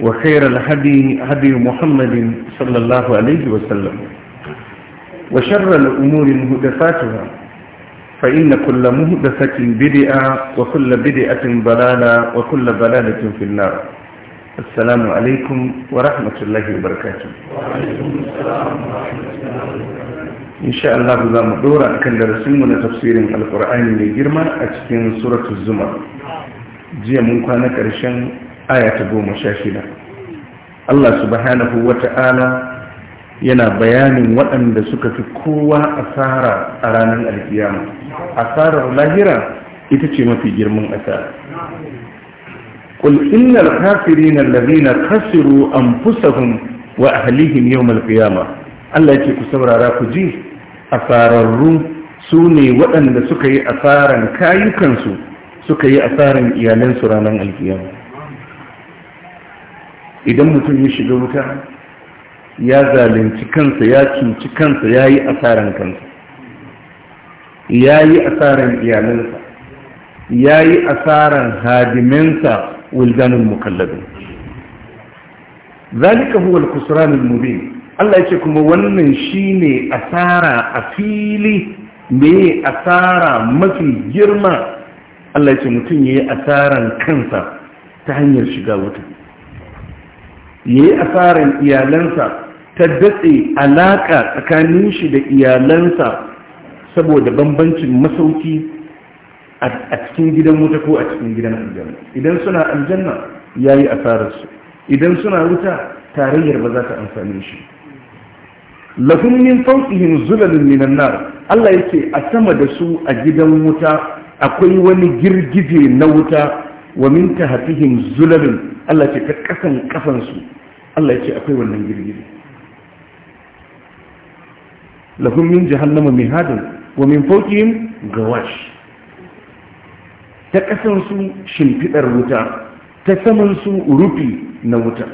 وخير الهدي هدي محمد صلى الله عليه وسلم وشر الأمور مهدفاتها فإن كل مهدفة بدئة وكل بدئة ضلالة وكل بلالة في النار السلام عليكم ورحمة الله وبركاته إن شاء الله ذا مدورة كان درسنا تفسير القرآن لجرمة أجتين سورة الزمر جي من كان كرشان aya ta goma sha shida Allah subhanahu wa ta'ala yana bayanin waɗanda suka fi kowa asara a ranar alkiyama asarar lahira ita ce mafi girman asara قل إن الكافرين الذين خسروا أنفسهم وأهليهم yau القيامة Allah yake ku saurara ku ji asararru su ne waɗanda suka yi asaran kayukansu suka yi asaran iyalansu ranar alkiyama idan mutum ya shiga wuta ya zalunci kansa ya cinci kansa ya yi asaran kansa ya yi asaran iyalinsa ya yi asaran hadiminsa wulganin mukallabin zalika huwa al-khusranul mubin Allah yake kuma wannan shine asara a fili me asara mafi girma Allah yake mutum yayi asaran kansa ta hanyar shiga wuta ya yi asarar iyalansa ta datse alaƙa tsakanin shi da iyalansa saboda bambancin masauki a cikin gidan wuta ko a cikin gidan aljanna idan suna aljanna ya yi asararsu idan suna wuta tarayyar ba za ta amfani shi lafin min fauƙihin zulalin minan nar Allah ce a sama da su a gidan wuta akwai wani girgije na wuta wa min hafihin zulalin Allah ce ta kasan kafansu Allah ya ce akwai wannan girgiri lahum min jahannama mihadun wa min fawqihim gawash ta ƙasansu shimfidar wuta ta samansu rufi na wuta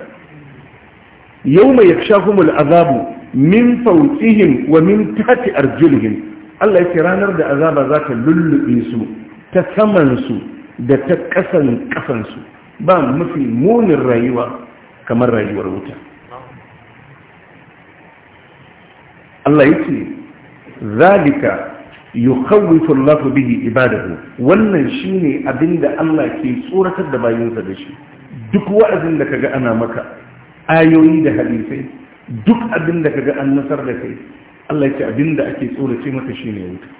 Yau mai yawma yakshafumul azabu min fawqihim wa min tafi arjulihim Allah ya ce ranar da azaba za ta lullube su ta samansu da ta kasan kafansu ba mafi munin rayuwa kamar rayuwar wuta Allah yake zalika yukhawifu Allahu bihi ibadahu wannan shine abinda Allah ke tsoratar da bayinsa da shi duk wa'azin da kaga ana maka ayoyi da hadisi duk abinda kaga an nasar da kai Allah yake abinda ake tsorace maka shine wuta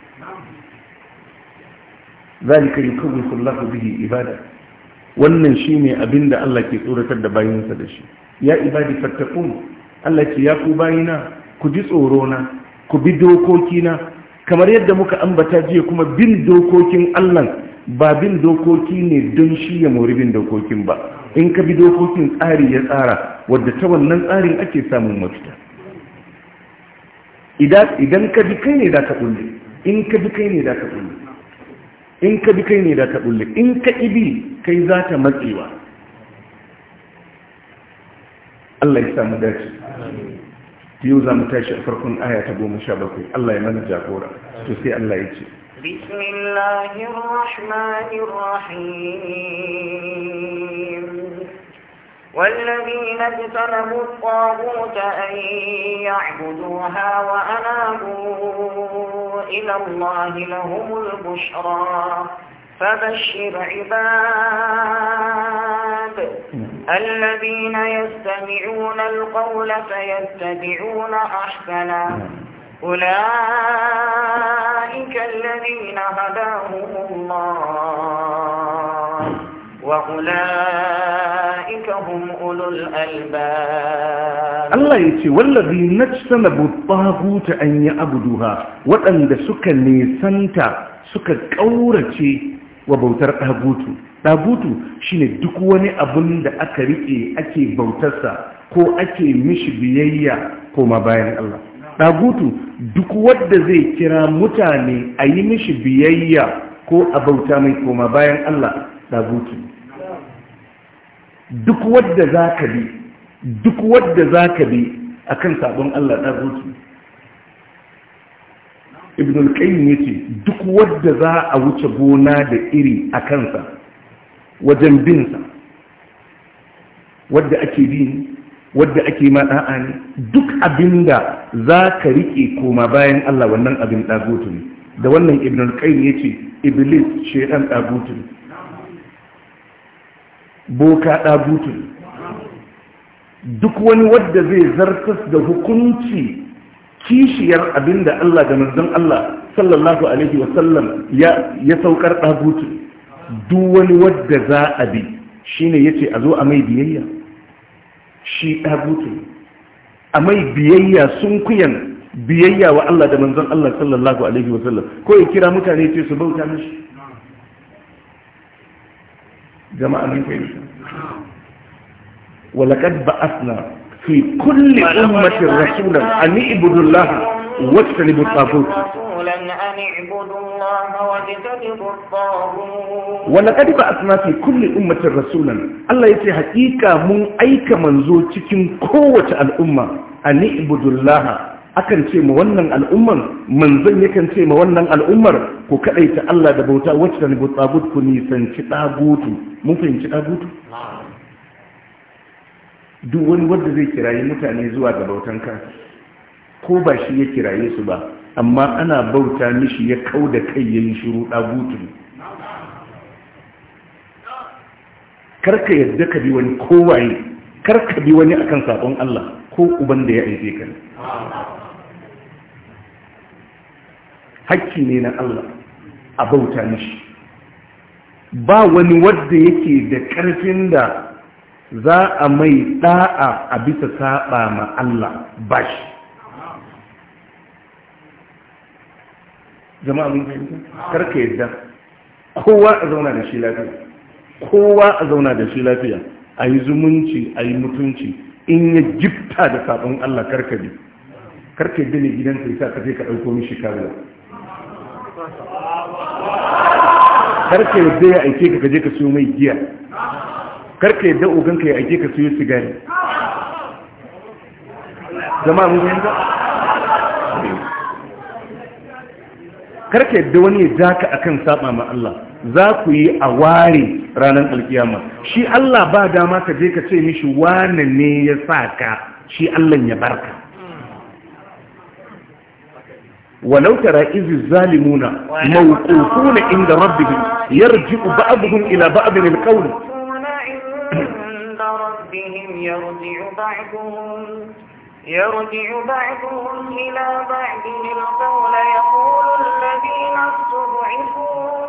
zalika yukhawifu Allahu bihi ibadahu wannan shine abin da Allah ke tsoratar da bayinsa da shi ya ibadi fattakun Allah ce ya ku bayina ku ji tsoro na ku bi dokokina kamar yadda muka ambata jiya kuma bin dokokin Allah ba bin dokoki ne don shi ya mori bin dokokin ba in ka bi dokokin tsari ya tsara wadda ta wannan tsarin ake samun mafita idan ka bi kai ne da ka kulle in ka bi kai ne da ka kulle in ka bi kai ne da ka bulle in ka ibi kai za ta matsewa Allah ya samu dace yau za mu tashi a farkon aya ta goma sha bakwai Allah ya mana jagora to sai Allah ya ce والذين اجتنبوا الطاغوت أن يعبدوها وأنابوا إلى الله لهم البشرى فبشر عباد الذين يستمعون القول فيتبعون أحسنا أولئك الذين هداهم الله Allah ya ce, wallafi na sana babu ta an yi abuduha waɗanda suka nesanta suka ƙaurace wa bautar ɗagutu. Ɗagutu shi ne duk wani abun da aka riƙe ake bautarsa ko ake mishi biyayya ma bayan Allah. Ɗagutu duk wadda zai kira mutane a yi mishi biyayya ko a bauta mai koma bayan Allah ɗagutu duk wadda za ka bi duk wadda za ka bi a kan sabon Allah ɗan rutu ibn al-qayyim ce duk wadda za a wuce gona da iri a kansa wajen binsa wadda ake bi ne wadda ake ma da'a ne duk abinda za ka riƙe koma bayan Allah wannan abin ɗagutu ne da wannan ibn al-qayyim ce iblis shedan ɗagutu ne boka ɗagutu duk wani wadda zai zartas da hukunci kishiyar abinda Allah da manzon Allah sallallahu alaihi wasallam ya ya saukar ɗagutu duk wani wadda za a bi shine yace a zo a mai biyayya shi ɗagutu a mai biyayya sun kuyan biyayya wa Allah da manzon Allah sallallahu alaihi wasallam ko ya kira mutane ce su bauta mishi jama'an yankari walakad ba'asna fi kulle ummatin rasulun an yi ibudun laha wata ne mutafin walakad fi kulle ummatin rasulun allah ya ce hakika mun aika manzo cikin kowace al'umma an yi akan ce ma wannan al'ummar manzon yakan ce ma wannan al'ummar ku ta Allah da bauta wacce ta nubu tsagut ku nisanci tsagutu mun fahimci tsagutu duk wani wanda zai kiraye mutane zuwa ga bautan ka, ko ba shi ya kiraye su ba amma ana bauta mishi ya kau da kai yayin shiru Kar karka yadda ka bi wani kowaye karka bi wani akan sabon Allah ko uban da ya aike ka hakki ne na Allah a bauta mishi ba wani wadda yake da ƙarfin da za a mai ɗa'a a bisa saɓa ma Allah ba shi jama'a mun karka yadda kowa a zauna da shi lafiya kowa a zauna da shi lafiya a yi zumunci a yi mutunci in ya jifta da saɓon Allah karka bi karka yadda ne gidansa ya sa ka je ka ɗauko mishi kariya karka yadda ya aike ka kaje ka siyo mai giya karka yadda oganka ya aike ka siyo sigari zama mun yi karka yadda wani ya ja ka akan saba ma Allah za ku yi a ware ranar alkiyama shi Allah ba dama ka je ka ce mishi wane ne ya sa ka shi Allah ya barka ولو ترى إذ الظالمون موقوفون عند ربهم يرجع بعضهم إلى بعض القول يرجع بعضهم يرجع بعضهم إلى بعض القول يقول الذين استضعفوا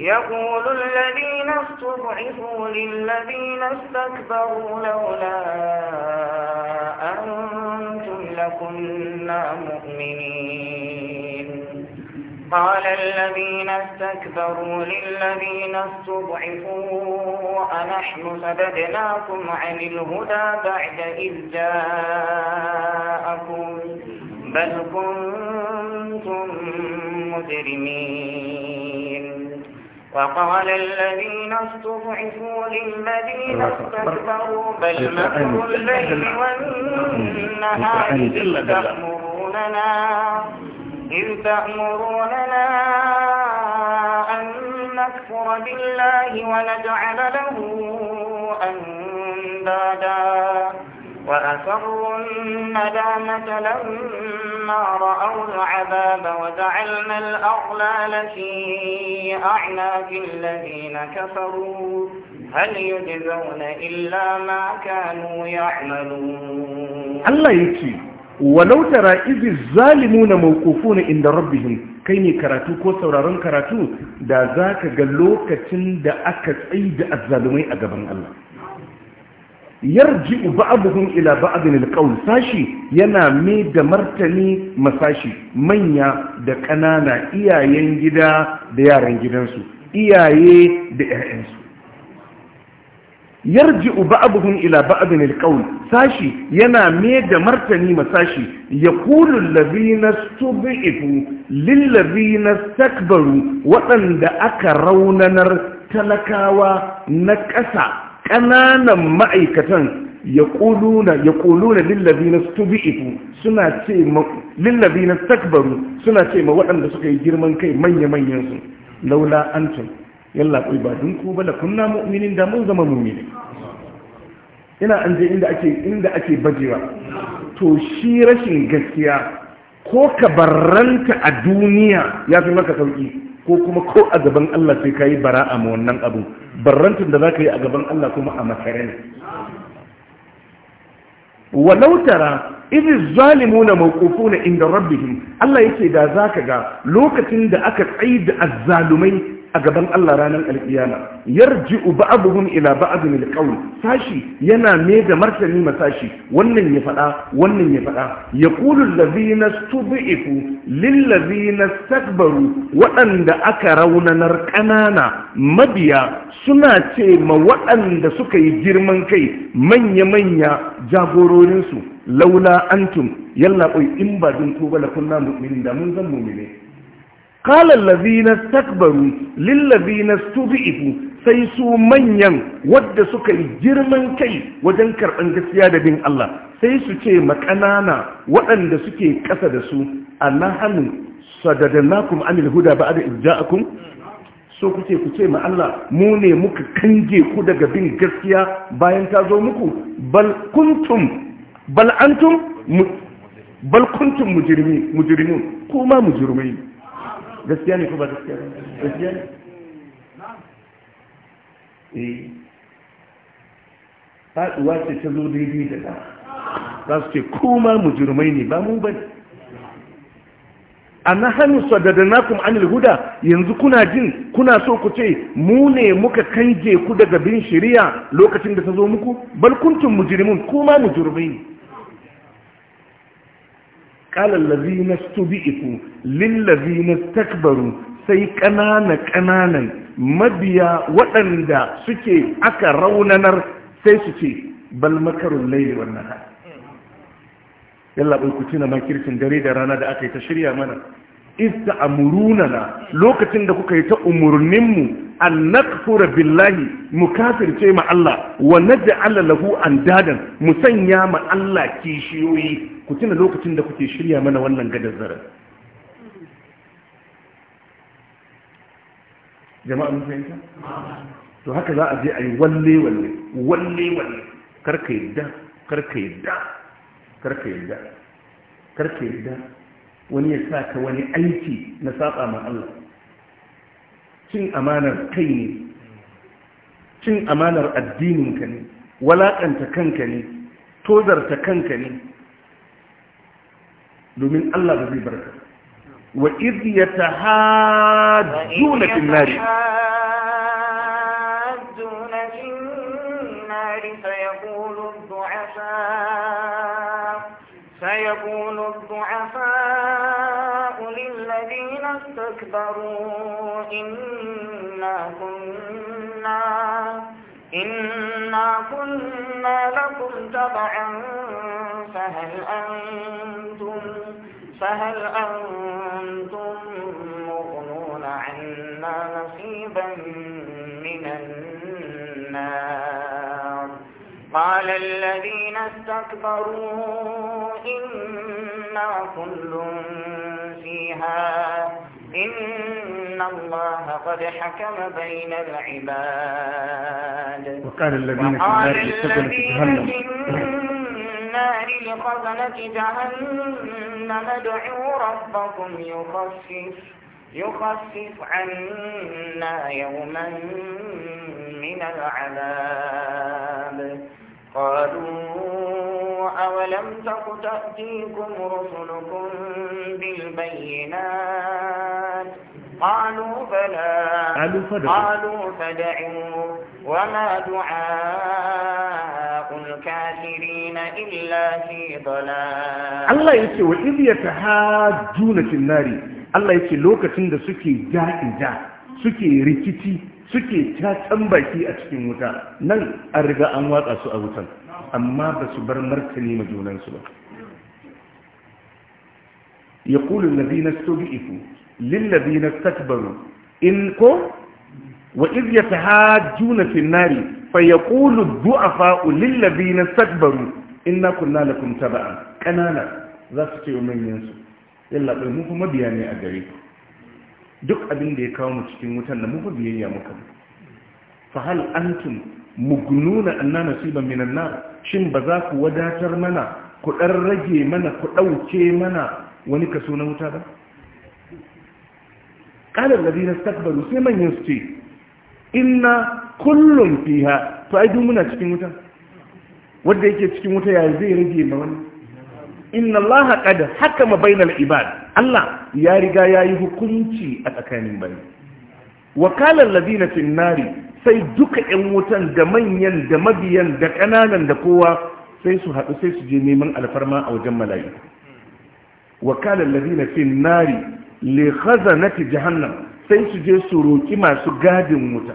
يقول الذين استضعفوا للذين استكبروا لولا أنتم لكنا مؤمنين قال الذين استكبروا للذين استضعفوا أنحن سبدناكم عن الهدى بعد إذ جاءكم بل كنتم مجرمين وقال الذين استضعفوا للذين استكبروا بل مكروا الليل والنهار إذ تأمروننا إذ تأمروننا أن نكفر بالله ونجعل له أندادا وأسروا الندامة لما رأوا العذاب وجعلنا الأغلال في أعناق الذين كفروا هل يجزون إلا ما كانوا يعملون الله يكي ولو ترى إذ الظالمون موقوفون عند ربهم kai ne karatu ko sauraron karatu da za ka ga lokacin da aka tsaye da azzalumai a gaban Allah yarji ba'dhum ila ba'dhin alqawl sashi yana mai da martani masashi manya da ƙanana iyayen gida da yaran gidansu iyaye da ƴaƴansu yarji ba'dhum ila ba'dhin alqawl sashi yana mai da martani masashi yaqulu allazina stubifu lil ladzina stakbaru waɗanda aka raunanar talakawa na ƙasa kananan ma'aikatan ya ƙuluna ya kuluna lillabi na stubi'ifu suna ce ma lillabi na takbaru suna ce ma waɗanda suka yi girman kai manya-manyan su laula antum yalla kai ba dun ku ba da kunna mu'minin da mun zama mu'mini ina an je inda ake inda ake bajewa to shi rashin gaskiya ko ka barranta a duniya ya fi maka sauki ko kuma ko a gaban Allah sai ka yi bara'a ma wannan abu barrantun da za ka yi a gaban Allah kuma a makare ne walau tara izi zalimuna mawqufuna inda rabbihim Allah yake da zaka ga lokacin da aka tsayi da azzalumai a gaban Allah ranar alkiyama yarji'u ba'dhum ila ba'dhin alqawl sashi yana ne da martani masashi wannan ya faɗa, wannan ya fada yaqulu allazina stud'ifu lil ladzina istakbaru waɗanda aka raunanar ƙanana mabiya suna ce ma waɗanda suka yi girman kai manya manya jagororinsu laula antum yalla in ba dun tuba la kunna mu'minin da mun zan mu'mine na takbaru lillazi na استضعفوا sai su manyan wadda suka yi girman kai wajen karɓar gaskiya da bin Allah sai su ce makanana waɗanda suke ƙasa da su a nahanu sadadanakum anil huda ba da ijja'akum so kuce ku ce ma Allah mu ne muka kange ku daga bin gaskiya bayan ta zo muku bal kuntum bal antum bal kuntum mujrimun kuma mujrimai gaskiya ne ko ba gaskiya ba gaskiya ne eh faduwa ce ta zo daidai da ɗa za su ce kuma mujirmai ne ba mu ba ne a na hannun sadadanakum anil huda yanzu kuna jin kuna so ku ce mu ne muka kange ku daga bin shari'a lokacin da ta zo muku balkuntun mujirmin kuma mujirmai ne قال الذين استبئتوا للذين استكبروا sai ƙanana ƙananan mabiya waɗanda suke aka raunanar sai su ce bal makarun laili wannan yalla bai ku tuna makircin dare da rana da aka yi ta shirya mana ista amurunana lokacin da kuka yi ta umurninmu an nakfura billahi mu kafirce ma Allah wa Allah lahu dadan mu sanya ma Allah kishiyoyi ku tuna lokacin da kuke shirya mana wannan gadar zara jama'a mun fahimta to haka za a je a yi walle walle walle walle karka yadda karka yadda karka yadda karka yadda wani ya sa ka wani aiki na saba ma Allah cin amanar kai ne cin amanar addininka ne walaƙanta kanka ne tozarta kanka ne domin Allah ba zai barka wa idh yatahajjuna fil nar أكبروا إنا كنا إنا كنا لكم تبعا فهل أنتم فهل أنتم مغنون عنا نصيبا من النار قال الذين استكبروا إنا كل فيها إن الله قد حكم بين العباد وقال الذين في النار لخزنة جهنم ادعوا ربكم يخفف يخفف عنا يوما من العذاب قالوا أولم تك تأتيكم رسلكم بالبينات قالوا بلى قالوا فدعوا وما دعاء الكافرين إلا في ضلال الله يسي وإذ يتحاجون في النار الله يسي لوكتين دا سكي جاء جاء suke rikici suke ta baki a cikin wuta nan an riga an watsa su a wutan amma ba su bar martani ma junansu ba ya kulun na dina stobi iku lillabina tattabaru in ko wa iya ta haju na finari fa ya kulu du'a fa'u lillabina tattabaru in na kunna na kunta ba'a kanana za su ce wa manyansu yalla bai mu kuma ne a gare ku duk abin da ya kawo mu cikin wutan da mu biyayya muka fa hal antum mugnuna anna nasiban minan nar shin ba za ku wadatar mana ku dan rage mana ku dauke mana wani kaso na wuta ba qala alladhina istakbaru sai manyan su ce inna kullun fiha to ai duk muna cikin wuta wanda yake cikin wuta ya zai rage ma wani inna allaha qad hakama bainal ibad allah ya riga yayi hukunci a tsakanin bani. wa qala alladhina fin nari sai duka 'yan wutan da manyan da mabiyan da ƙananan da kowa sai su haɗu sai su je neman alfarma a wajen mala'iku wakalar lalina fi nari le khazanati jahannam sai su je su roƙi masu gadin wuta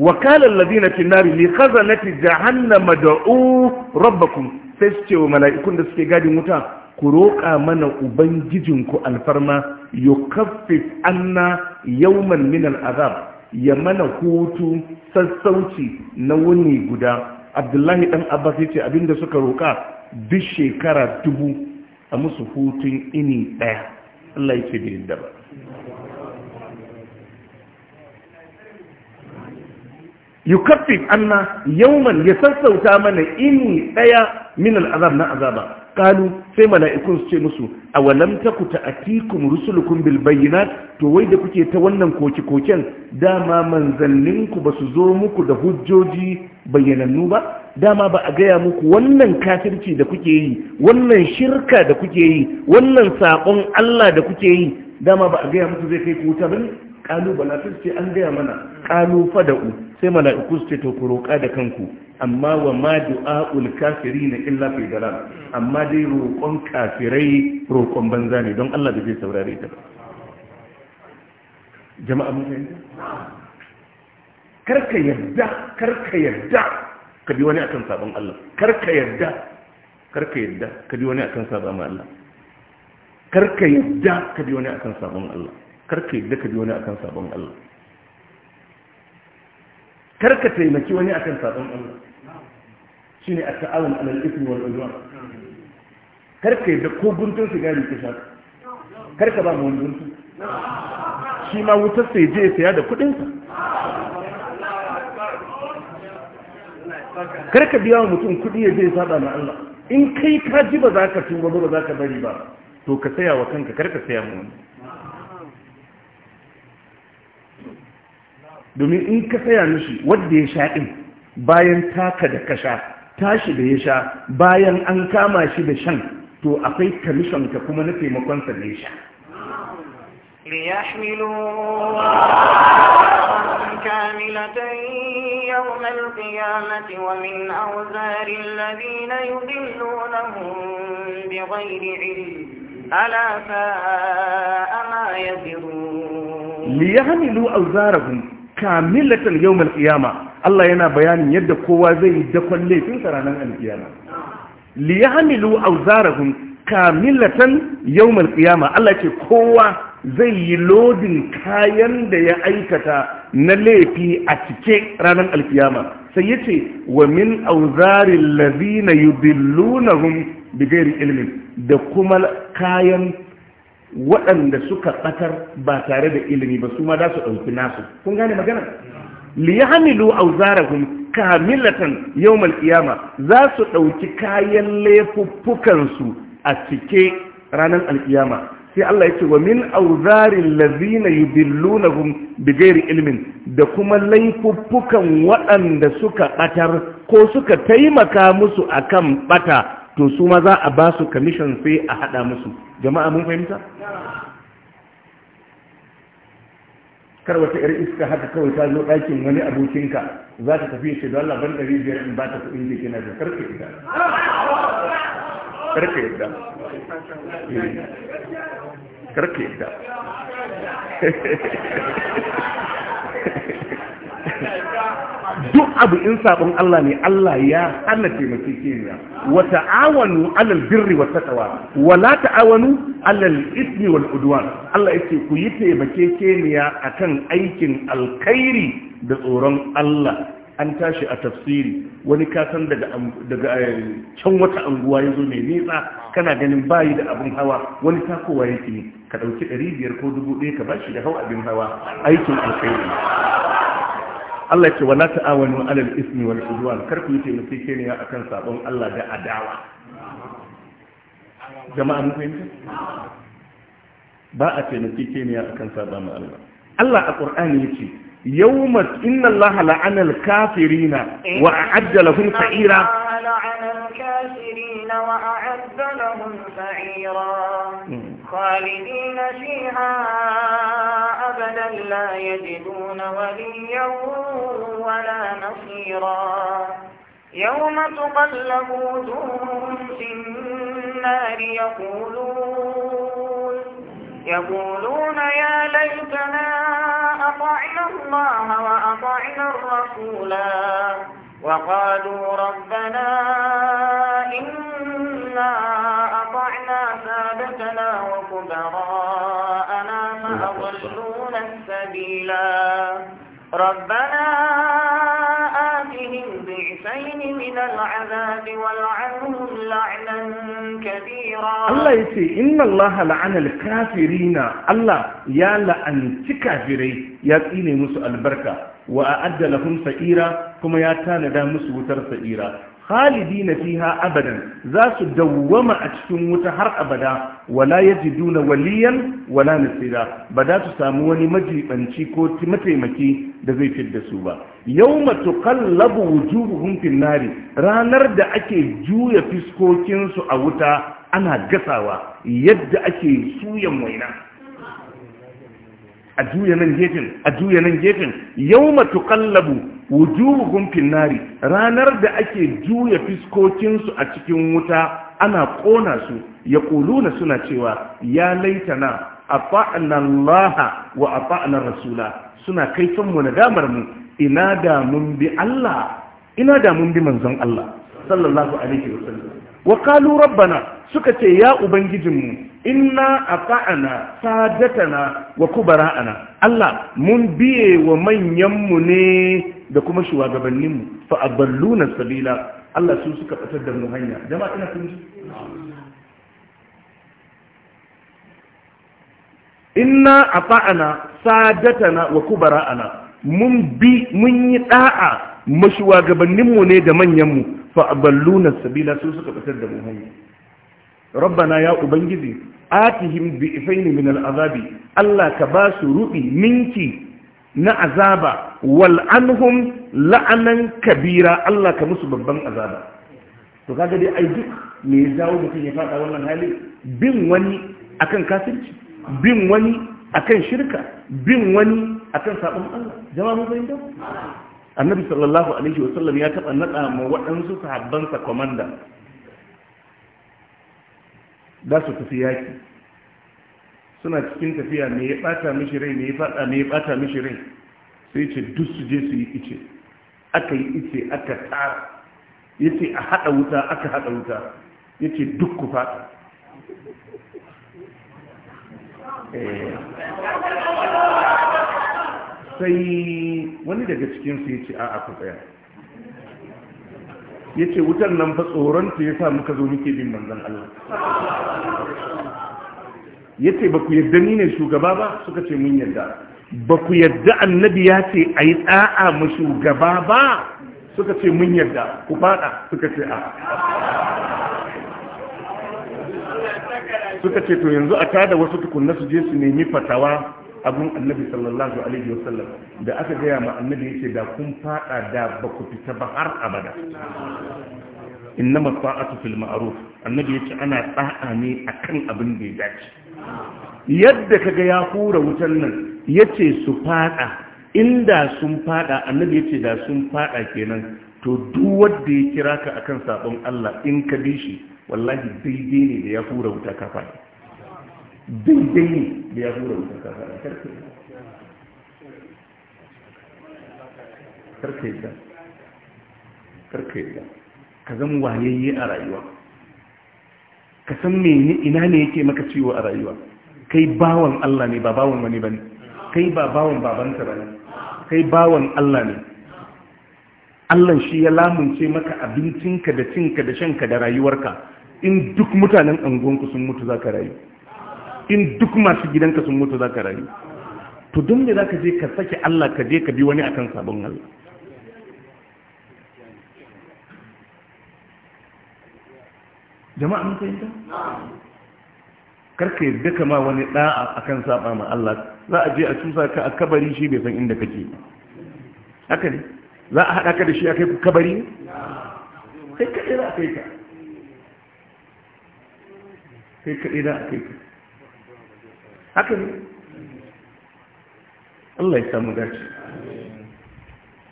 wakalar lalina fi nari le khazanati jahannama da'u rabbakum sai su ce wa mala'ikun da suke gadin wuta ku roƙa mana ubangijinku alfarma yukaffif anna yawman min azab, ya mana hutu sassauci na wuni guda abdullahi dan abbas yace abinda suka roƙa duk shekara dubu a musu hutun ini daya Allah bai yadda ba anna yawman ya sassauta mana ini ɗaya min azab na azaba kalu sai mala'ikun su ce musu a walam ta ku rusulukum bil bayyinat to wai da kuke ta wannan koki koken dama manzannin ku ba su zo muku da hujjoji bayyanannu ba dama ba a gaya muku wannan kafirci da kuke yi wannan shirka da kuke yi wannan saƙon Allah da kuke yi dama ba a gaya muku zai kai ku wuta bane kalu bala ce an gaya mana kalu fada'u sai mala'iku su ce to ku roƙa da kanku amma wa ma du'a'ul kafirina illa fi dalal amma dai roƙon kafirai roƙon banza ne don Allah da zai saurare ta jama'a mun fahimta karka yadda karka yadda ka bi wani akan sabon Allah karka yadda karka yadda ka bi wani akan sabon Allah karka yadda ka bi wani akan sabon Allah karka yadda ka bi wani akan sabon Allah karka taimaki wani kan sabon Allah shine at-ta'awun 'ala al-ithmi wal 'udwan karka da ko guntun sigari ka sha karka ba mu wani guntun shi ma wutar sai je saya da kuɗin karka biya wa mutum kuɗi ya je saba na Allah in kai ka ji ba za ka tuba ba za ka bari ba to ka saya wa kanka karka saya mu wani domin in ka saya mishi wadda ya sha ɗin bayan taka da kasha tashi da ya sha bayan an kama shi da shan to akwai kamishan ka kuma na taimakonsa da ya sha ليحملوا كاملة يوم القيامة ومن أوزار الذين يضلونهم بغير علم ألا ساء ما يذرون ليحملوا أوزارهم kamilatan yau qiyama Allah yana bayanin yadda kowa zai yi dakon laifinsa sa ranar alkiyama li yahmilu awzarahum kamilatan yau qiyama Allah ce kowa zai yi lodin kayan da ya aikata na laifi a cike ranar alkiyama sai yace wa min awzaril ladina yudillunahum bighairi ilmin da kuma kayan waɗanda suka ɓatar ba tare da ilimi ba su ma za su ɗauki nasu kun gane magana liyamilu auzarahum kamilatan yawmal qiyama za su ɗauki kayan laifukansu a cike ranar alƙiyama sai Allah ya ce wa min auzarin lazina yudillunahum bighairi ilmin da kuma laifuffukan waɗanda suka ɓatar ko suka taimaka musu akan ɓata to su ma za a ba su commission sai a hada musu jama'a mun fahimta kar wata yar iska haka kawai ta zo ɗakin wani abokinka za ta tafi shi da Allah ban ɗari biyar in ba ta kuɗin da kina da karfe ita karfe ita karfe ita duk abu in sabon Allah ne Allah ya hana ne wa ta'awanu alal birri wa taqwa wa la ta'awanu alal ismi wal udwan Allah yake ku yi ne akan aikin alkhairi da tsoron Allah an tashi a tafsiri wani kasan daga eh, can wata anguwa ya zo mai nisa kana ganin bayi da abin hawa wani takowa yake ne ka ɗauki ɗari biyar ko dubu ka bashi da hau abin hawa aikin alkhairi Allah ce wala ta'awanu alal ismi wal udwan kar ku yi taimakekeniya akan sabon Allah da adawa jama'a mun fahimta ba a taimakekeniya akan sabon Allah Allah a Qur'ani yace yawma inna Allah la'ana al-kafirina wa a'adda lahum sa'ira kafirina wa a'adda lahum sa'ira hmm. khalidina fiha لا يجدون وليا ولا نصيرا يوم تقلب وجوههم في النار يقولون يقولون يا ليتنا أطعنا الله وأطعنا الرسولا وقالوا ربنا إنا أطعنا سادتنا وكبراءنا فأضلونا سبيلا ربنا آتهم ضعفين من العذاب ولعنهم لعنا كبيرا الله يسي إن الله لعن الكافرين الله يا لأن تكافري يا تيني مسوء البركة وأعد لهم سئيرا كما يا تانا مسو سئيرا خالدين فيها أبدا ذا سدوما أتشتم متحر أبدا wala duna waliyan wala nasira ba za su samu wani majibanci ko mataimaki da zai fi da su ba yawma tuqallabu wujuhuhum fin nari ranar da ake juya fiskokin su a wuta ana gasawa yadda ake suyan waina a juya nan gefen a juya nan gefen yawma tuqallabu wujuhuhum fin nari ranar da ake juya fiskokin su a cikin wuta ana kona su ya kuluna suna cewa ya laitana ata'na Allah wa a fa'anar rasula suna kaifanmu mu nadamar mu ina da mun bi Allah ina da bi manzon Allah sallallahu alaihi wasallam wa kalu rabbana suka ce ya ubangijinmu inna fa'ana sadatana wa kubara'ana Allah mun biye wa manyanmu ne da kuma shugabanninmu fa na sabila Allah su suka batar da mu hanya jama'a ina sun ji inna ata'ana sadatana wa kubara'ana mun bi mun yi da'a mashuwagabanninmu ne da manyanmu fa aballuna sabila su suka fitar da mu hanya rabbana ya ubangiji atihim bi ifaini min al'azabi Allah ka ba su rubi minki na azaba wal anhum la'anan kabira Allah ka musu babban azaba to kaga dai ai duk me ya dawo mutum ya fada wannan hali bin wani akan kafirci bin wani akan shirka bin wani akan sabon Allah jama'a mun fahimta annabi sallallahu alaihi wa sallam ya taba nada ma waɗansu sahabbansa komanda da su tafi yaki suna cikin tafiya me ya bata mishi rai me ya fada me ya bata mishi rai sai ce duk su je su yi ice aka yi ice aka tsara Ya ce a hada wuta aka hada wuta Ya ce duk ku fata eh. sai wani daga cikin su ce a aka tsaya Ya ce wutan nan fa tsoron ta sa muka zo muke bin manzan Allah ya ce ba ku yadda ni ne shugaba ba suka ce mun yadda ba ku yadda annabi ya ce a yi tsa'a ma shugaba ba suka ce mun yadda ku faɗa suka ce a suka ce to yanzu a tada wasu tukunna su je su nemi fatawa abun annabi sallallahu alaihi wasallam da aka gaya ma annabi yace da kun fada da ba ku fita ba har abada innama ta'atu fil ma'ruf annabi yace ana tsa'a ne akan abin da ya dace yadda kaga ya hura wutan nan yace su fada inda sun fada annabi yace da sun fada kenan to duk wanda ya kira ka akan sabon Allah in ka bi shi wallahi daidai ne da ya hura wuta ka fada daidai ne da ya hura wuta ka fada karka karka ka karka yadda ka zama wayayye a rayuwa ka san mene ina ne yake maka ciwo a rayuwa kai bawan Allah ne ba bawan wani bane kai ba bawan babanka bane kai bawan Allah ne Allah shi ya lamunce maka abincinka da cinka da shanka da rayuwarka in duk mutanen angonku sun mutu zaka rayu in duk masu gidanka sun mutu zaka rayu to don me zaka je ka sake Allah ka je ka bi wani akan sabon Allah jama'a mun fahimta karka yadda kama wani da'a akan saba ma Allah za a je a tusa ka a kabari shi bai san inda kake haka ne za a haɗa ka da shi a kai kabari ne kai za a kai ka kai kaɗai za a kai ka haka ne Allah ya samu gaci.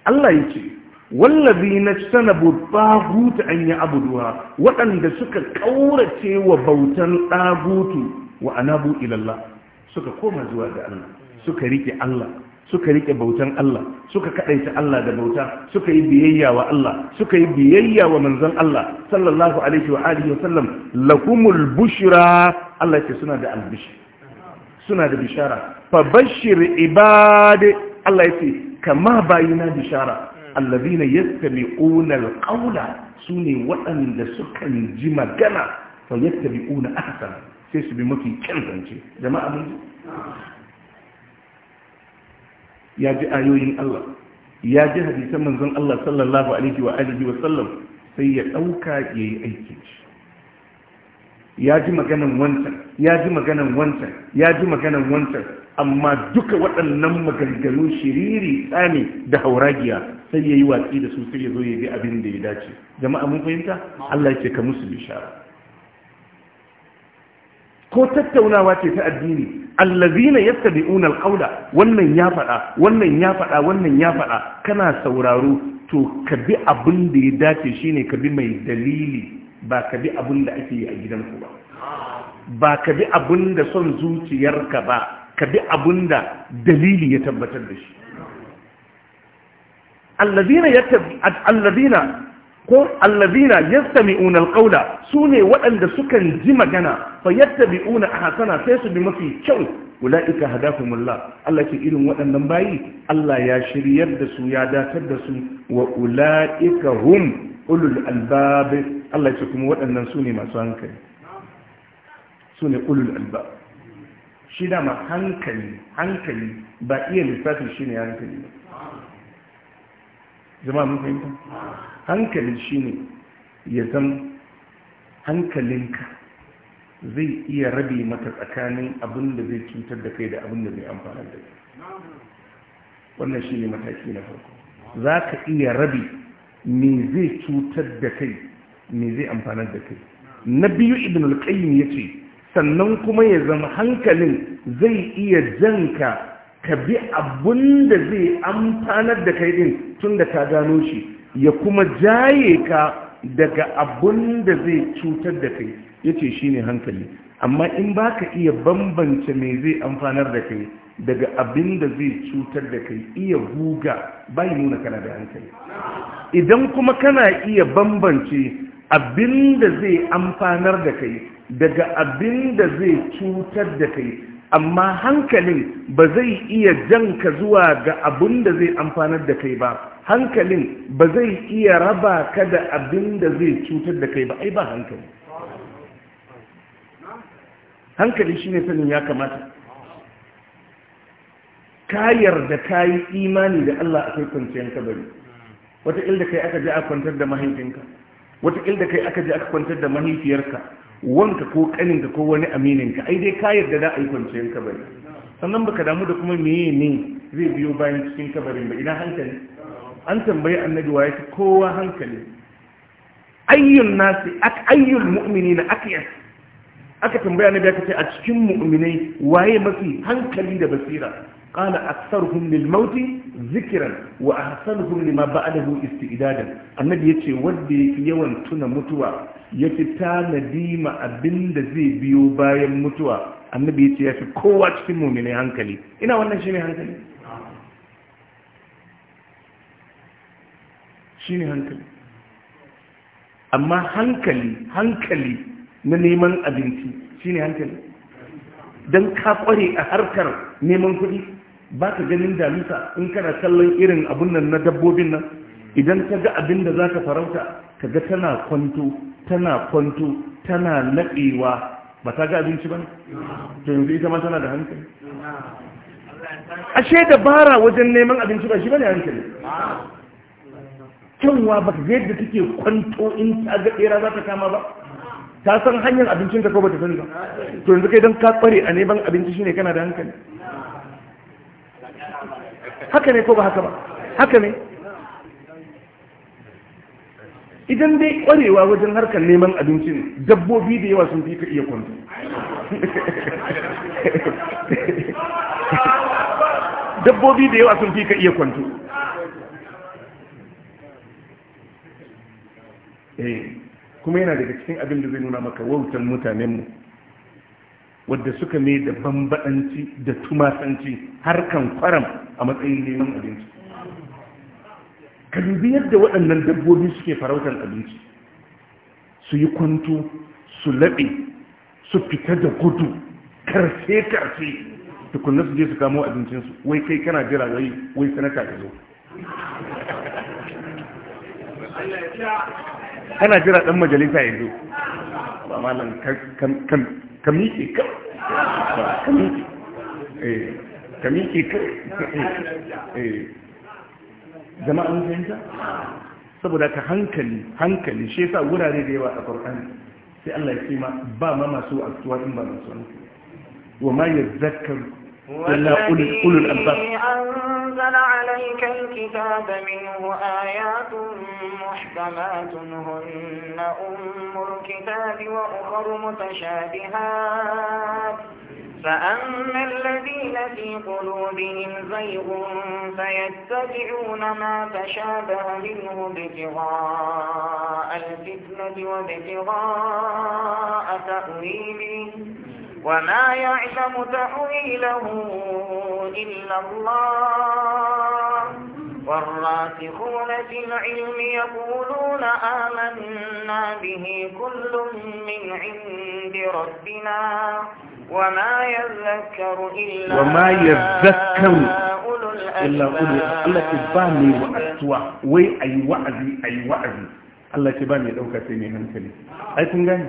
Allah ya ce Wallabi na sanabu tsagutu an yi abuduwa waɗanda suka ƙaurace wa bautan tsagutu wa anabu ilallah suka koma zuwa ga Allah suka rike Allah suka rike bautan Allah suka kaɗaita Allah da bauta suka yi biyayya wa Allah suka yi biyayya wa manzon Allah sallallahu alaihi wa alihi wa sallam lahumul bushra Allah ce suna da albishi suna da bishara fa bashir ibad Allah yace kama bayina bishara allazina yastami'una alqawla sune waɗanda sukan ji magana fa yastami'una ahsana sai su bi mafi kyan zance jama'a mun ji ya ji ayoyin Allah ya ji hadisan manzon Allah sallallahu alaihi wa alihi wa sallam sai ya dauka yayi aiki ya ji maganan wancan ya ji maganan wancan ya ji maganan wancan amma duka waɗannan maganganu shiriri tsani da hauragiya sai ya yi watsi da su sai ya zo ya bi abin da ya dace jama'a mun fahimta Allah ce ka musu bishara ko tattaunawa ce ta addini allazina yattabi'una alqawla wannan ya faɗa wannan ya faɗa wannan ya faɗa kana sauraro to ka bi abin da ya dace shine ka bi mai dalili ba ka bi abin da ake yi a gidanku ba ba ka bi abin da son zuciyarka ba ka bi abun dalili ya tabbatar da shi allazina allazina ko allazina yastami'una alqawla sune waɗanda sukan ji magana fa yattabi'una ahsana sai su bi mafi kyau ulaika hadafumullah Allah ke irin waɗannan bayi Allah ya shiryar da su ya datar da su wa ulaika hum ulul albab Allah ce kuma waɗannan sune masu hankali sune ulul albab shi dama hankali hankali ba iya lissafin shi ne hankali ba zama mun fahimta hankali shi ne ya zan hankalinka zai iya rabe mata tsakanin abin da zai cutar da kai da abin da zai amfana da kai wannan shi ne mataki na farko za ka iya rabe me zai cutar da kai me zai amfana da kai na biyu ibn al-qayyim ya ce sannan kuma ya zama hankalin zai iya janka ka bi abun da zai amfanar da kai din tun da ka gano shi ya kuma jaye ka daga abun da zai cutar da kai ya ce shi ne hankali amma in ba ka iya bambance mai zai amfanar da kai daga abin da zai cutar da kai iya guga bai nuna kana da hankali idan kuma kana iya bambance abin da zai amfanar da kai daga abin da zai cutar da kai amma hankalin ba zai iya jan ka zuwa ga abin da zai amfanar da kai ba hankalin ba zai iya raba ka da abin da zai cutar da kai ba ai ba hankali hankali shine sanin ya kamata kayar da kayi imani da Allah akwai kwanciyar kabari wata ilda kai aka je a kwantar da mahaifinka wata ilda kai aka je aka kwantar da mahaifiyarka wanka ko kaninka ko wani amininka ai dai ka yarda da a kwanciyar kabari sannan baka damu da kuma meye ne zai biyo bayan cikin kabarin ba ina hankali an tambayi annabi wa yake kowa hankali ayyun nasi ak ayyul mu'minina akyas aka tambaya annabi aka ce a cikin mu'minai waye mafi hankali da basira maut zikran wa ذكرا lima ba'dahu isti'dadan annabi yace wanda yake yawan tuna mutuwa. ya fi tanadi ma abin da zai biyo bayan mutuwa annabi ya ce ya fi kowa cikin mummune hankali ina wannan shi hankali shine hankali amma hankali hankali na neman abinci shi hankali don ka kware a harkar neman kuɗi ba ka ganin damisa in kana kallon irin abun nan na dabbobin nan idan ka ga abin da za ka farauta kaga tana kwanto tana kwanto tana naɗewa ba ta ga abinci ba to yanzu ita ma tana da hankali ashe dabara wajen neman abinci ba shi ba ne hankali kyanwa ba ka yadda take kwanto in ta ga ɓera za ta kama ba ta san hanyar abincin ta ko ba ta sani ba to yanzu kai don ka kware a neman abinci shine kana da hankali haka ne ko ba haka ba haka ne idan dai kwarewa wajen harkar neman abincin dabbobi da yawa sun fi ka iya kwanto dabbobi da yawa sun fi ka iya kwanto kuma yana daga cikin abin da zai nuna maka wautan mutanenmu wadda suka mai da bambadanci da tumasanci harkan kwaram a matsayin neman abinci ka yadda waɗannan dabbobi suke farautar abinci su yi kwanto su laɓe su fita da gudu karfe karfe tukunna su je su kamo abincinsu wai kai kana jira wai wai sanata ya zo kana jira ɗan majalisa ya zo ba malam ka miƙe kawai kamike eh, kawai eh, eh. jama'a mun fahimta saboda ka hankali hankali shi yasa wurare da yawa a Qur'ani sai Allah ya ce ma ba ma masu asuwa in ba masu hankali wa ma yadhakkaru إلا أولي الألباب أنزل عليك الكتاب منه آيات محكمات هن أم الكتاب وأخر متشابهات فأما الذين في قلوبهم زيغ فيتبعون ما تشابه منه ابتغاء الفتنة وابتغاء تأويله وما يعلم تحويله إلا الله والراسخون في العلم يقولون آمنا به كل من عند ربنا wama ya zakkan illa ulu Allah ki ba ni wa'azuwa wai a yi wa'azi a yi wa'azi Allah ki ba ni ɗauka sai mai hankali ai sun gani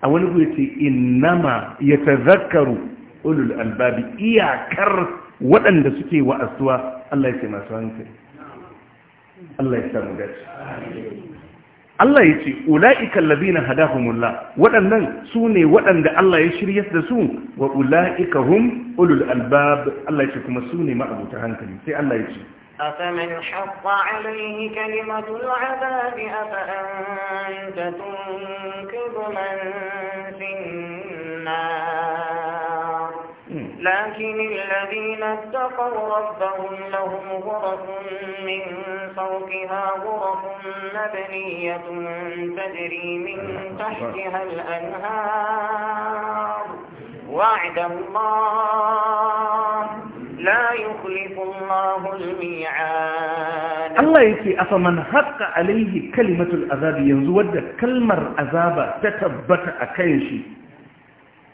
a wani guda ce innama ya ta zakkaru ulu albabi iyakar waɗanda suke wa'azuwa Allah ya ce masu hankali Allah ya samu gaci Allah ya ce, Ula'ikan labina hadahumullah, waɗannan su ne waɗanda Allah ya shirya da su wa ula'ika hum ulul albab, Allah ya ce kuma su ne ma'abuta hankali, sai Allah ya ce. أفمن حق عليه كلمة العذاب أفأنت تنكر من في النار لكن الذين اتقوا ربهم لهم غرف من فوقها غرف مبنية تجري من تحتها الأنهار وعد الله لا يخلف الله الميعاد الله يكي أفمن حق عليه كلمة العذاب ينزود كلمة عذاب تتبت أكيشي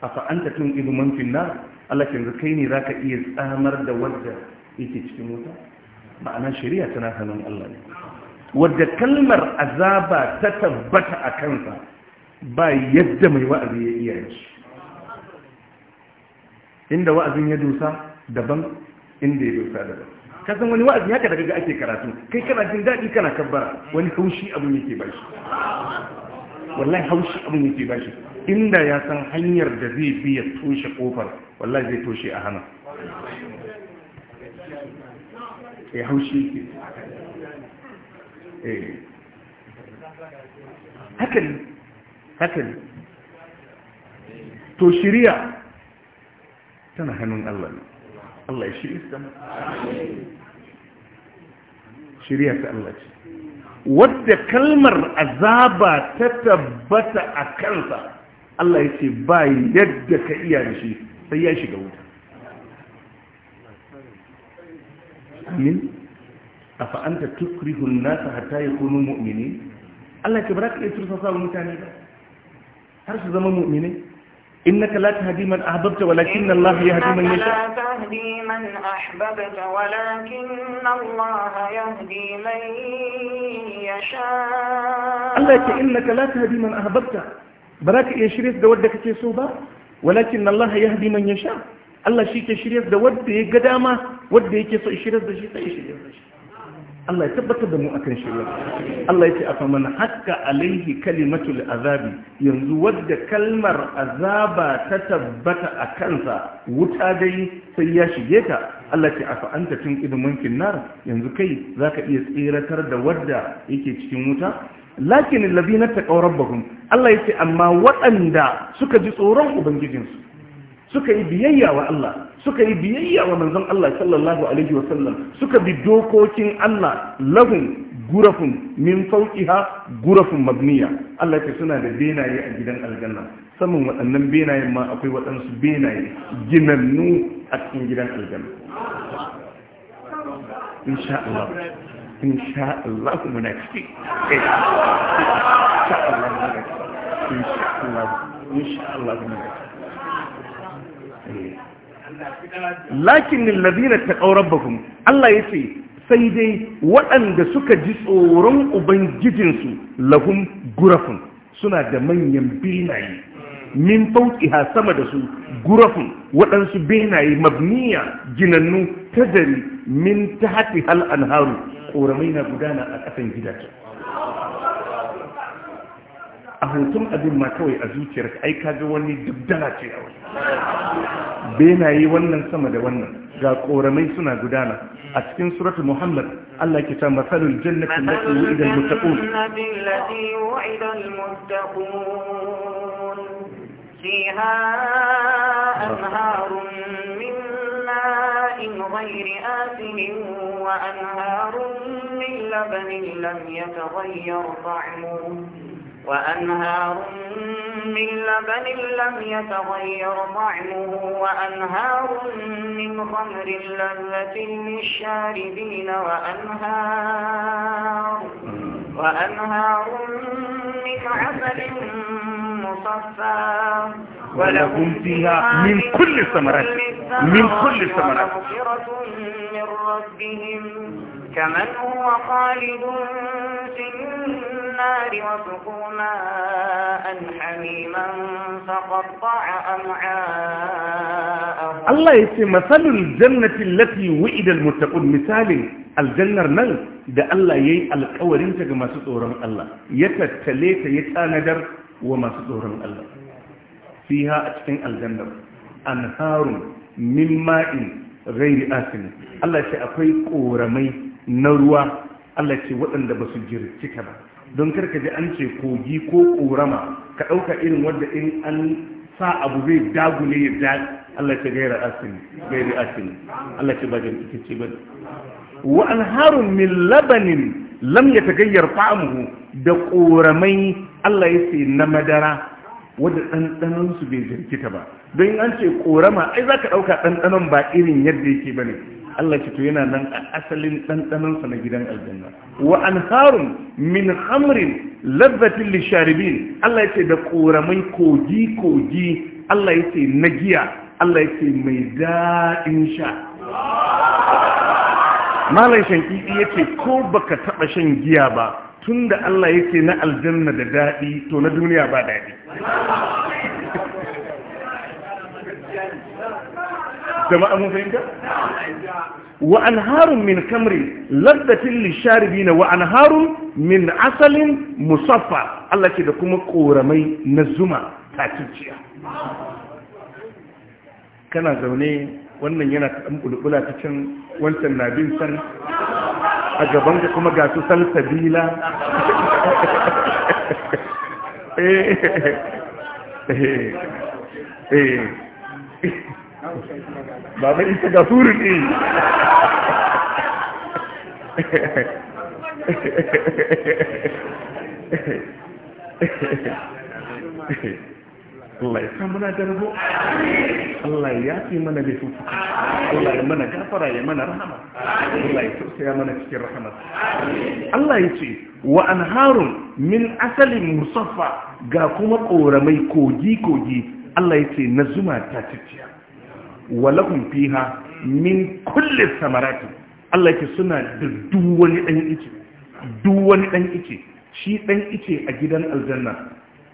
afa ta tun man manfin na Allah ke kai ne ka iya tsamar da wanda yake cikin wuta ma'ana shari'a tana hannun Allah ne wadda kalmar azaba ta tabbata a kansa ba yadda mai wa'azi ya iya yi, inda wa'azin ya dusa daban inda ya dusa daban kasan wani wa'azi haka daga ake karatu kai kana jin daɗi kana kabbara wani kaushi abin yake ba shi wallahi haushi abin yake ba shi inda ya san hanyar da zai biya toshe kofar wallahi zai toshe a hana ya eh, haushi ke hakan hakan to shirya tana hannun Allah ne Allah ya shirya ta Allah ce wadda kalmar azaba ta tabbata a kansa Allah ya ce ba yadda ka iya da shi sai ya shiga wuta amin a fa'anta tukrihun nasa hata ya kunu mu'mini Allah ya ce ba za ka iya tursa sa mutane ba har su zama mu'mini إنك لا تهدي من أحببت ولكن الله يهدي من يشاء لا تهدي من أحببت ولكن الله يهدي من يشاء الله يقول إنك لا تهدي من أحببت براك يشريس دودك تيسوبا ولكن الله يهدي من يشاء الله شيك يشريس دودك قداما ودك يسو يشريس دشيطة يشريس دشيطة Allah ya tabbatar da mu akan shirya Allah ya ce a faman hakka alaihi kalimatul azabi yanzu wadda kalmar azaba ta tabbata a kansa wuta dai sai ya shige ta Allah ce afa anta tun idumin finnar yanzu kai zaka iya tseratar da wadda yake cikin wuta lakin allazina taqaw rabbahum Allah ce amma waɗanda suka ji tsoron ubangijinsu suka yi biyayya wa Allah suka yi biyayya wa manzon Allah sallallahu alaihi wa sallam suka bi dokokin Allah lahum gurafun min fawqiha gurafun mabniya Allah ya suna da benaye a gidan aljanna saman waɗannan benaye ma akwai waɗansu benaye ginannu a cikin gidan aljanna insha Allah insha Allah muna ciki eh, insha Allah muna ciki insha Allah insha Allah muna ciki eh. lakin lillazina taqaw rabbahum Allah ya ce sai dai waɗanda suka ji tsoron ubangijinsu lahum gurafun suna da manyan benaye min ha sama da su gurafun waɗansu benaye mabniya ginannu tajari min tahti hal anharu ƙoramai na gudana a ƙasan gidaje a hantun abin ma kawai a zuciyar ai ka ga wani dubdala ce a wani benaye wannan sama da wannan ga koramai suna gudana a cikin suratul muhammad Allah ke ta masalul jannatin lati wa'ida al-muttaqun anharun min ma'in ماء غير wa anharun min لبن lam يتغير طعمه وأنهار من لبن لم يتغير طعمه وأنهار من خمر لذة للشاربين وأنهار, وأنهار من عسل مصفى ولهم فيها من كل الثمرات من كل الثمرات مغفرة من ربهم كمن هو خالد في النار وسقوا ماء حميما فقطع أمعاءهم الله يسمى مثل الجنة التي وئد المتقون مثال الجنة نل ده الله يي القوارين تجي ما الله يتتليت يتاندر وما ستورن الله فيها أتفين الجنة أنهار من ماء غير آسن الله يسي أقوي قورمي na ruwa Allah ce waɗanda ba su jirkika ba don karka ji an ce kogi ko ƙorama ka ɗauka irin wadda in an sa abu zai dagule ya da Allah ce gaira asini gaira asini Allah ce ba jirkike ce ba wa alharun min labanin lam ya tagayyar fa'amu da ƙoramai Allah ya ce na madara wadda ɗanɗanonsu bai jirkita ba don an ce ƙorama ai za ka ɗauka ɗanɗanon ba irin yadda yake ba ne Allah ce to yana nan a asalin ɗanɗanansa na gidan aljanna wa anharun min hamrin lazzatin lisharibin Allah yace da koramai kogi kogi Allah yace ce na giya Allah ya mai daɗin sha malai shankiki ya ce ko baka taɓa shan giya ba tunda Allah ya na aljanna da daɗi to na duniya ba daɗi jama'a mun fahimta wa anharun min kamri laddatin lisharibina wa anharun min asalin musaffa Allah ce da kuma koramai na zuma ta takiciya kana zaune wannan yana kaɗan bulbula ta can wancan na bin san a gaban ka kuma ga su salsabila eh eh eh Ba zai isa ga suru ne Allah ya sa mana da Allah ya fi mana da fufuka Allah ya mana gafara ya mana rahama Allah ya ya mana cikin rahama Allah ya ce wa anharun min asalin musaffa ga kuma koramai kogi kogi Allah ya ce na zuma ta ciciya Walakun fiha min kulle samarati Allah ke suna da duk wani dan ice duk wani dan ice shi dan ice a gidan aljanna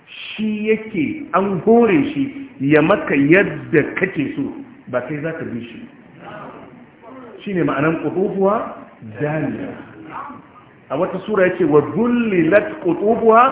shi yake an hore shi ya maka yadda kake so ba kai zaka bi shi shine ma'anan qutubuha daniya a wata sura yace wa dhullilat qutubuha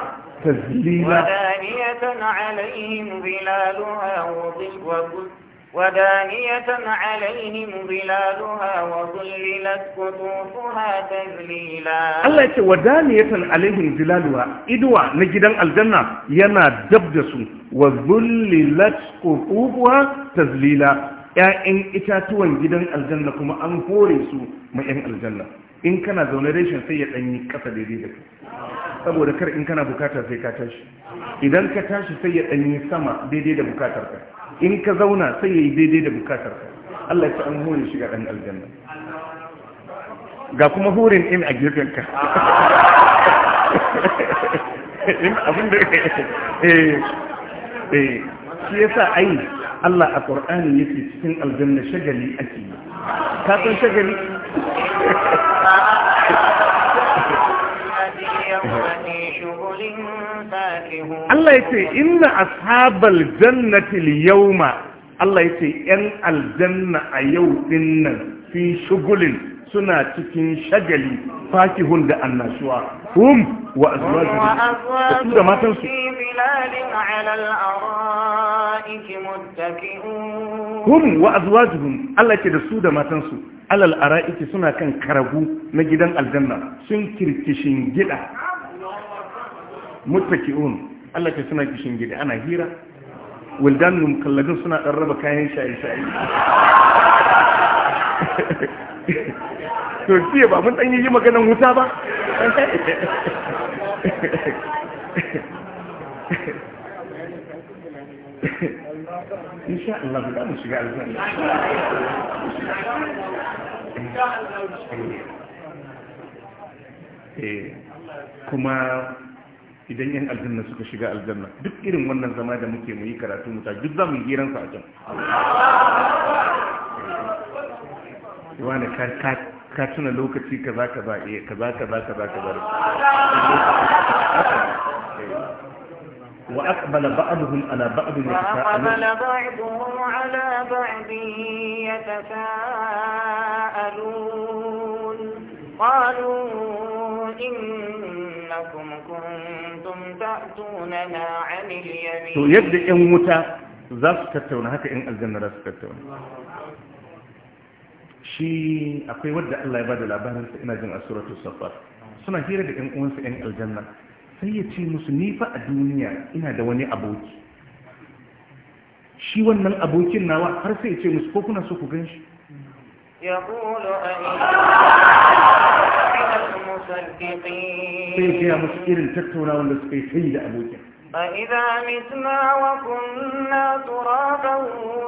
tazlila wa daniyatan alaihim zilaluha wa ودانية عليهم ظلالها وظللت قطوفها تذليلا الله يقول ودانية عليهم ظلالها إدوى نجدن الجنة ينا دبدس وظللت قطوفها تذليلا ‘ya'yan itatuwan gidan aljanna kuma an hore su ma ‘yan aljanna in kana zaune reshen sai ya ɗanyi ƙasa daidai da saboda kar in kana bukata sai ka tashi idan ka tashi sai ya ɗanyi sama daidai da bukatar ka in ka zauna sai ya yi daidai da bukatarka Allah ya an hore shiga ɗan aljanna ga kuma hurin in a girkanka abinda eh eh shi yasa ai Allah a Qur'ani yake cikin aljanna shagali ake yi ka san shagali Allah ya ce inna ashabal jannati al-yawma Allah ya ce yan aljanna a yau din nan fi shugulin suna cikin shagali fakihun da annashuwa hum wa azwajuhum da matan su hum wa azwajuhum Allah ke da su da matan su alal ara'iki suna kan karabu na gidan aljanna sun kirkishin gida muttaki'un Allah ce suna kishin gida ana hira wildanum kallagin suna dan raba kayan shaye-shaye to siya ba mun dan yi maganan wuta ba insha Allah da mu shiga aljanna eh, kuma idan yan aljanna suka shiga aljanna duk irin wannan zama da muke mu yi karatu mu duk za mu yi hiran sa a can wani ka tuna lokaci kaza kaza eh kaza kaza kaza kaza wa aqbala ba'dhum ala ba'd yatasaalun qalu innakum To yadda 'yan wuta za su tattauna haka 'yan aljanna za su tattauna. shi akwai wadda Allah ya bada labarin sa ina jin a suratul safar suna hira da ƴan uwansa ƴan aljanna sai ya ce musu ni fa a duniya ina da wani aboki shi wannan abokin nawa har sai ya ce musu ko kuna so ku gan shi يقول أإذا متنا وكنا ترابا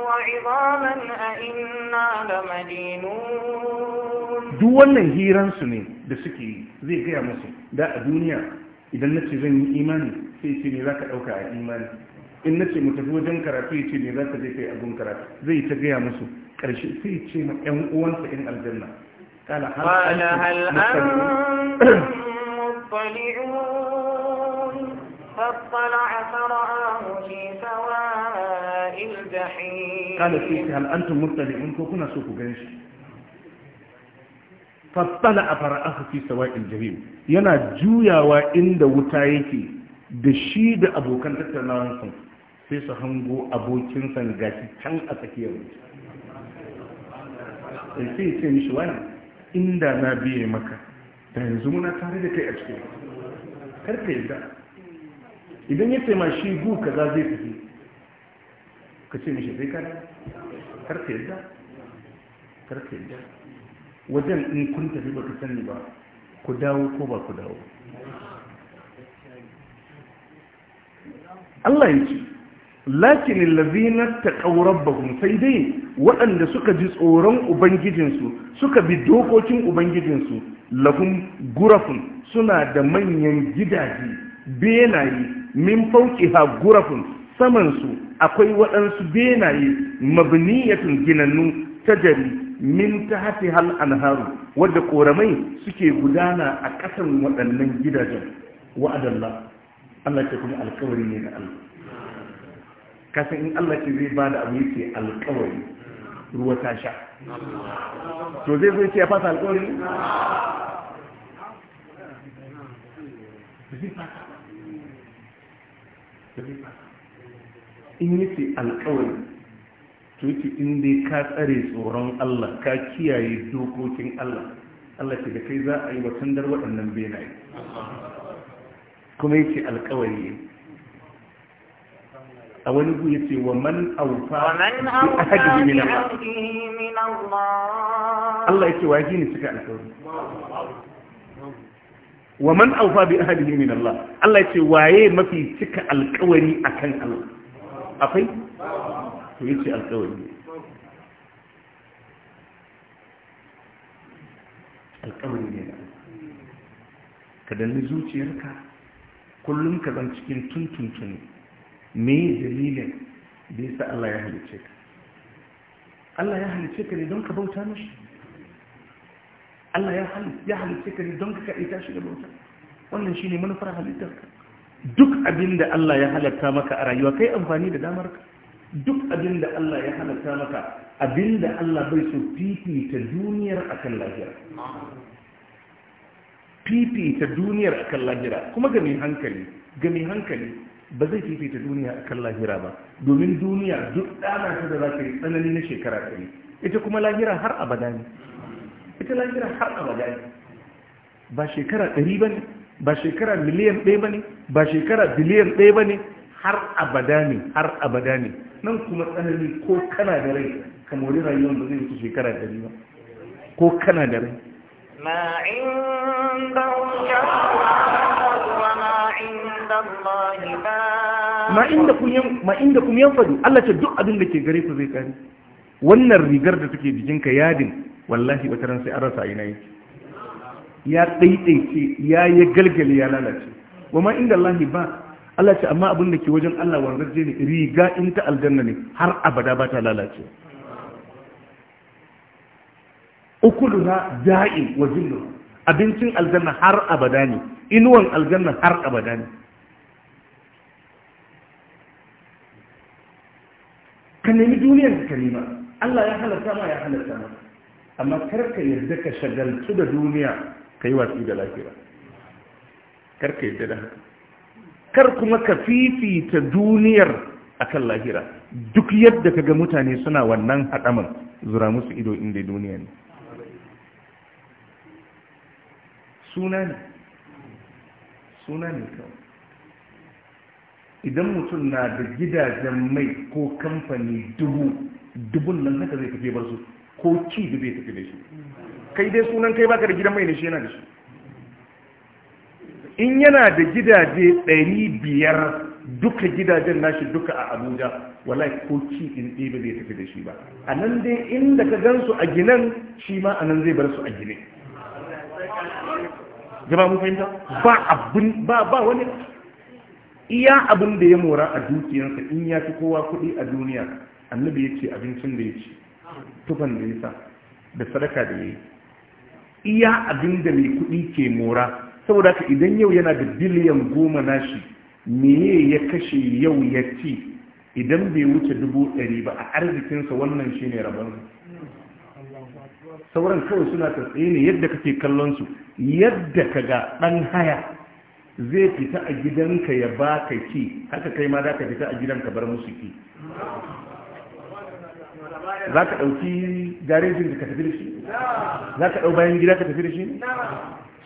وعظاما أئنا لمدينون duk wannan hiran su ne da suke zai gaya musu da a duniya idan na ce zan yi imani sai ce ne za ka ɗauka a imani in na ce mu tafi wajen karatu ya ce ne za ka zai kai abun karatu zai ta gaya musu karshe sai ce ma ƴan uwansa in aljanna kala hal an muttali'un فاطلع فرآه في سواء الجحيم قال فيه هل أنتم مطلعون كنا سوف جنش فاطلع فرآه في سواء الجحيم yana juyawa inda wuta yake da shi da abokan sun sai su hango abokinsa gashi can a tsakiyar wuta sai ce mishi wani inda na biye maka da yanzu muna tare da kai a cikin karka yadda idan ya taima shi gu kaza zai tafi ka ce mishi zai kada karka yadda karka yadda wajen in kun tafi ka sani ba ku dawo ko ba ku dawo Allah ya ce lakin allazina taqaw rabbahum sai dai waɗanda suka ji tsoron ubangijinsu suka bi dokokin ubangijinsu lafun gurafun suna da manyan gidaje benaye min fawqiha gurafun saman su akwai waɗansu benaye mabniyatun ginannu tajari min tahti hal anharu wadda koramai suke gudana a ƙasan waɗannan gidajen wa'adallah Allah ya kuma alƙawari ne ga Allah kasan in Allah ce zai bada abu yake alƙawari ruwa ta sha to zai zai ce ya fasa alƙawari in yake alƙawari to yake in dai ka tsare tsoron Allah ka kiyaye dokokin Allah Allah ce da kai za a yi wa sandar waɗannan benaye kuma yake alƙawari a wani gu ya ce wa man aufa bi ahadihi min Allah Allah yake wa gini cika alƙawari wa man aufa bi min Allah Allah yake waye mafi cika alƙawari akan Allah akwai to yace alƙawari alƙawari ne ka danna zuciyarka kullum ka zan cikin tuntuntuni me dalilin da yasa Allah ya halice ka Allah ya halice ka ne don ka bauta mashi Allah ya halice ka ne don ka kaita shi da bauta wannan shi ne manufar halittar ka duk abin da Allah ya halatta maka a rayuwa kai amfani da damar ka duk abin da Allah ya halatta maka abin da Allah bai so fifita duniyar akan lahira fifita duniyar akan lahira kuma ga mai hankali ga mai hankali ba zai fifita duniya akan lahira ba domin duniya duk ɗana ta da za yi tsanani na shekara ɗari ita kuma lahira har abada ne ita lahira har abada ne ba shekara ɗari ba ne ba shekara miliyan ɗaya ba ne ba shekara biliyan ɗaya ba ne har abada ne har abada ne nan kuma tsanani ko kana da rai ka mori rayuwar ba zai wuce shekara ɗari ba ko kana da rai ma'in bauta ma inda kuma yan fadu Allah ce duk abin da ke gare ku zai kare wannan rigar da take ka yadin wallahi wata ran sai an rasa ina yake ya ɗaiɗaice ya yi galgale ya lalace wa ma inda Allah ba Allah ce amma abin da ke wajen Allah wanzarje ne riga in ta aljanna ne har abada ba ta lalace ukuluna da'i wa zillu abincin aljanna har abada ne inuwan aljanna har abada ne nemi duniyar ka nema Allah ya halatta ma ya halatta ma amma karka yarda ka shagaltu da duniya ka yi watsi da lafiya karka yarda da haka kar kuma ka fifita duniyar akan lahira duk yadda ka ga mutane suna wannan haɗaman zura musu ido inda duniya ne suna ne suna ne kawai idan mutum na da gidajen mai ko kamfani dubu dubun nan haka zai tafi bar su ko ci da zai tafi da shi kai dai sunan kai baka da gidan mai ne shi yana da shi in yana da gidaje ɗari biyar duka gidajen nashi duka a abuja wallahi ko ci in ɗebe zai tafi da shi ba a nan dai inda ka gan su a ginan shi ma a nan zai bar su a gine gaba mun fahimta ba abin ba ba wani iya abin da ya mora a dukiyarsa in ya fi kowa kuɗi a duniya annabi ya ce abincin da ya ci tufan da ya sa da sadaka da ya yi iya abin da mai kuɗi ke mora saboda ka idan yau yana da biliyan goma nashi meye ya kashe yau ya ci idan bai wuce dubu ɗari ba a arzikinsa wannan shine rabonsa sauran kawai suna ta tsaye ne yadda kake kallon su yadda ka ga ɗan haya zai fita a gidanka ya baka ki haka kai ma za ka fita a gidanka bar musu ki za ka ɗauki garejin ka tafi da shi za ka ɗau bayan gida ka tafi da shi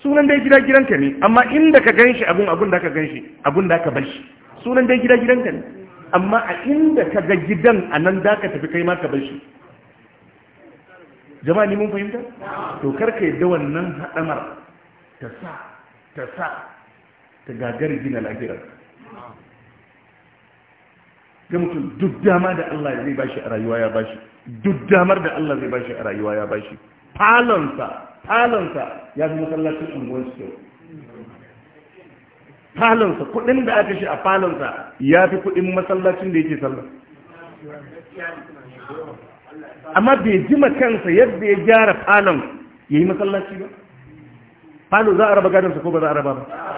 sunan dai gida gidanka ne amma inda ka ganshi abun abun da ka ganshi abun da ka shi, sunan dai gida gidanka ne amma a inda ka ga gidan a nan da ka tafi kai ma ka shi, jama'a ni mun fahimta to karka yadda wannan haɗamar ta sa ta sa ta gagar gina lafiya. ga mutum duk dama da Allah zai bashi a rayuwa ya bashi duk damar da Allah zai bashi a rayuwa ya bashi falonsa falonsa ya fi masallacin unguwar su falonsa kudin da aka shi a falonsa ya fi kudin masallacin da yake sallar amma bai jima kansa yadda ya gyara falon ya yi masallaci ba Falon za a raba gadonsa ko ba za a raba ba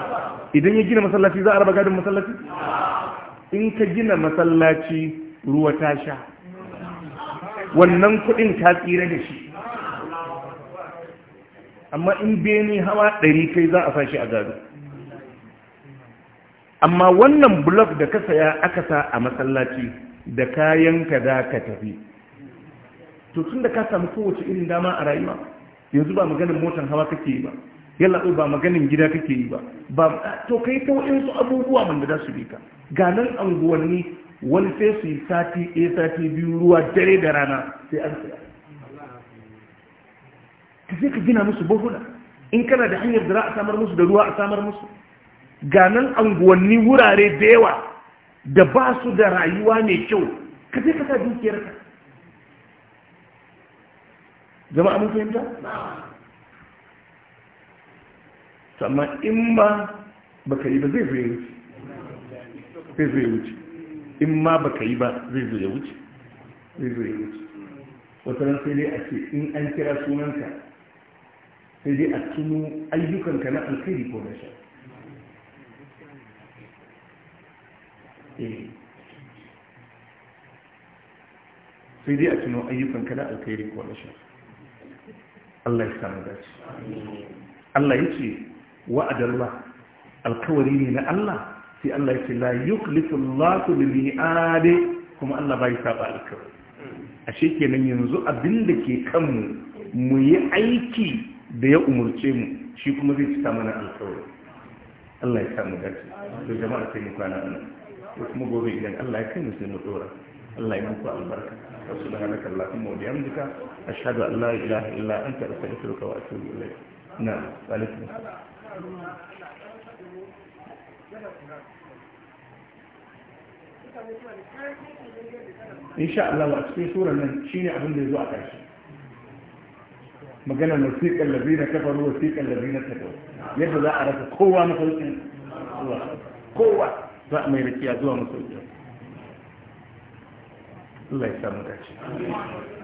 idan ya gina masallaci za a raba gadon masallaci in ka gina masallaci ruwa ta sha wannan kudin ta tsira da shi amma in beni hawa ɗari kai za a sa shi a gado amma wannan blok da ka saya aka sa a masallaci da kayan ka za ka tafi to tun da ka samu kowace irin dama a rayuwa yanzu ba maganin motar hawa kake yi ba yalla oh, ba maganin gida kake yi ba ba to kai ta waɗansu abubuwa man da su bi ka ga nan anguwanni wani sai su yi sati ɗaya sati biyu ruwa dare da rana sai an tsaya ka sai ka gina musu bahuna in kana da hanyar da za a samar musu da ruwa a samar musu ga nan anguwanni wurare da yawa da ba su da rayuwa mai kyau ka sai ka sa dukiyarka jama'a mun fahimta amma in ba baka yi ba zai zo wuce zai wuce in ma baka yi ba zai zai wuce zai zai wuce wata nan sai dai a ce in an kira sunanka sai dai a tuno ayyukanka na alkhairi ko da sha eh. sai dai a tuno ayyukanka na alkhairi ko da sha Allah ya samu dace Allah ya ce wa'adallah alkawari ne na Allah sai Allah yake la yukhlifu Allahu bil mi'ad kuma Allah bai saba alkawari ashe kenan yanzu abin da ke kanmu mu yi aiki da ya umurce mu shi kuma zai cika mana alkawari Allah ya samu dace to jama'a sai mu kwana nan ko kuma gobe idan Allah ya kai mu sai mu dora Allah ya muku albarka subhanaka allahumma wa bihamdika ashhadu an la ilaha illa anta astaghfiruka wa atubu ilayk na alaikum sha Allah a cikin surar nan ne abin da ya zo a ƙarshe maganar na kafa ruwa wasiƙar labi na kawo yadda za a rasa kowa masaukin kowa za a mai rikiya zuwa masaukin Allah ya samu dace